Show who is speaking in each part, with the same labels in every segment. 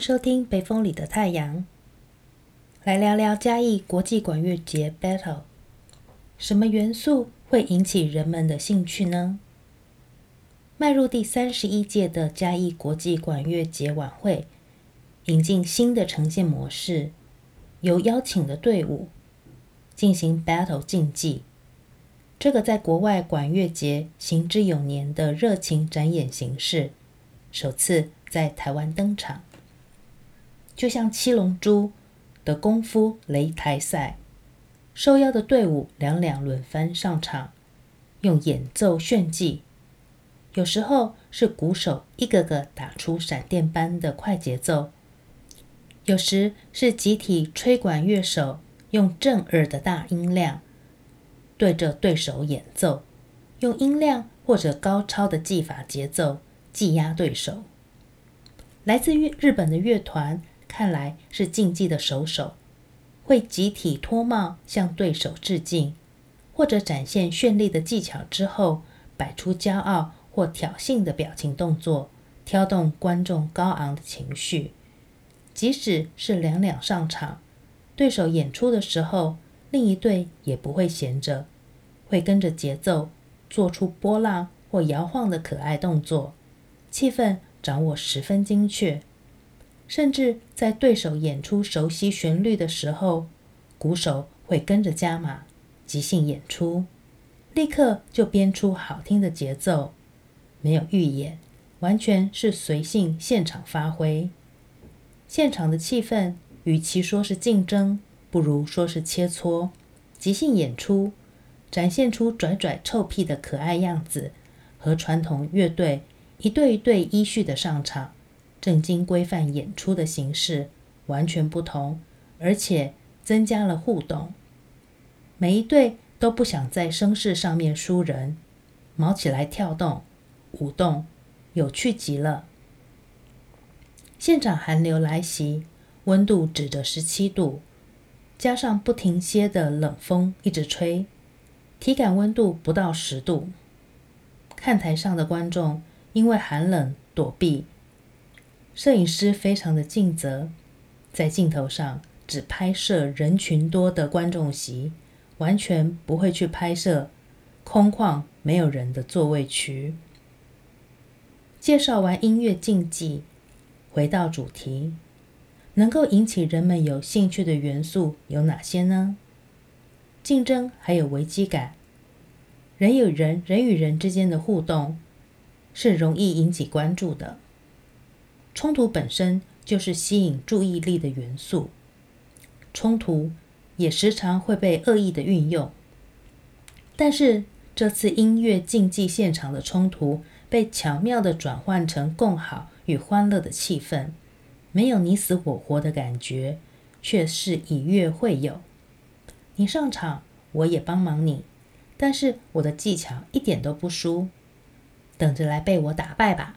Speaker 1: 收聽北風裡的太陽，來聊聊嘉義國際管樂節 battle。什麼元素會引起人們的興趣呢？邁入第三十一屆的嘉義國際管樂節晚會，引進新的呈現模式，由邀請的隊伍進行 battle 競技。這個在國外管樂節行之有年的熱情展演形式，首次在台灣登場。就像《七龍珠》的功夫擂台賽，受邀的隊伍兩兩輪番上場，用演奏炫技。有時候是鼓手一個個打出閃電般的快節奏，有時是集體吹管樂手用震耳的大音量對着對手演奏，用音量或者高超的技法、節奏技壓對手。來自於日本的樂團。看來是競技的熟手，會集體脫帽向對手致敬，或者展現絢麗的技巧之後，擺出驕傲或挑釁的表情動作，挑動觀眾高昂的情緒。即使是兩兩上場，對手演出的時候，另一隊也不會閒着，會跟着節奏做出波浪或搖晃的可愛動作，氣氛掌握十分精確。甚至在對手演出熟悉旋律的時候，鼓手會跟着加碼即興演出，立刻就編出好聽的節奏，沒有預演，完全是隨性現場發揮。現場的氣氛與其說是競爭，不如說是切磋。即興演出展現出跩跩臭屁的可愛樣子，和傳統樂隊一隊一隊依序的上場。正經規範演出的形式，完全不同，而且增加了互動。每一隊都不想在聲勢上面輸人，卯起來挑動、舞動，有趣極了。現場寒流來襲，溫度指着十七度，加上不停歇的冷風一直吹，體感溫度不到十度。看台上的觀眾因為寒冷躲避。攝影師非常的盡責，在鏡頭上只拍攝人群多的觀眾席，完全不會去拍攝空曠沒有人的座位區。介紹完音樂競技，回到主題，能夠引起人們有興趣的元素有哪些呢？競爭，還有危機感，人與人、人與人之間的互動，是容易引起關注的。衝突本身就是吸引注意力的元素，衝突也時常會被惡意的運用。但是這次音樂競技現場的衝突被巧妙的轉換成共好與歡樂的氣氛，沒有你死我活的感覺，卻是以樂會友。你上場，我也幫忙你，但是我的技巧一點都不輸，等着來被我打敗吧！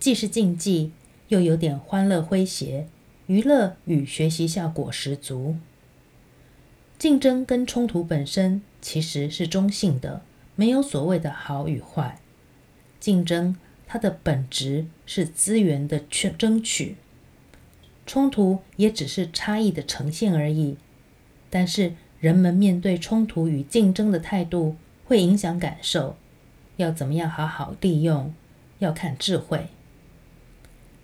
Speaker 1: 既是競技，又有點歡樂詼諧，娛樂與學習效果十足。競爭跟衝突本身其實是中性的，沒有所謂的好與壞。競爭它的本質是資源的去爭取，衝突也只是差異的呈現而已。但是，人們面對衝突與競爭的態度會影響感受。要怎麼樣好好利用，要看智慧。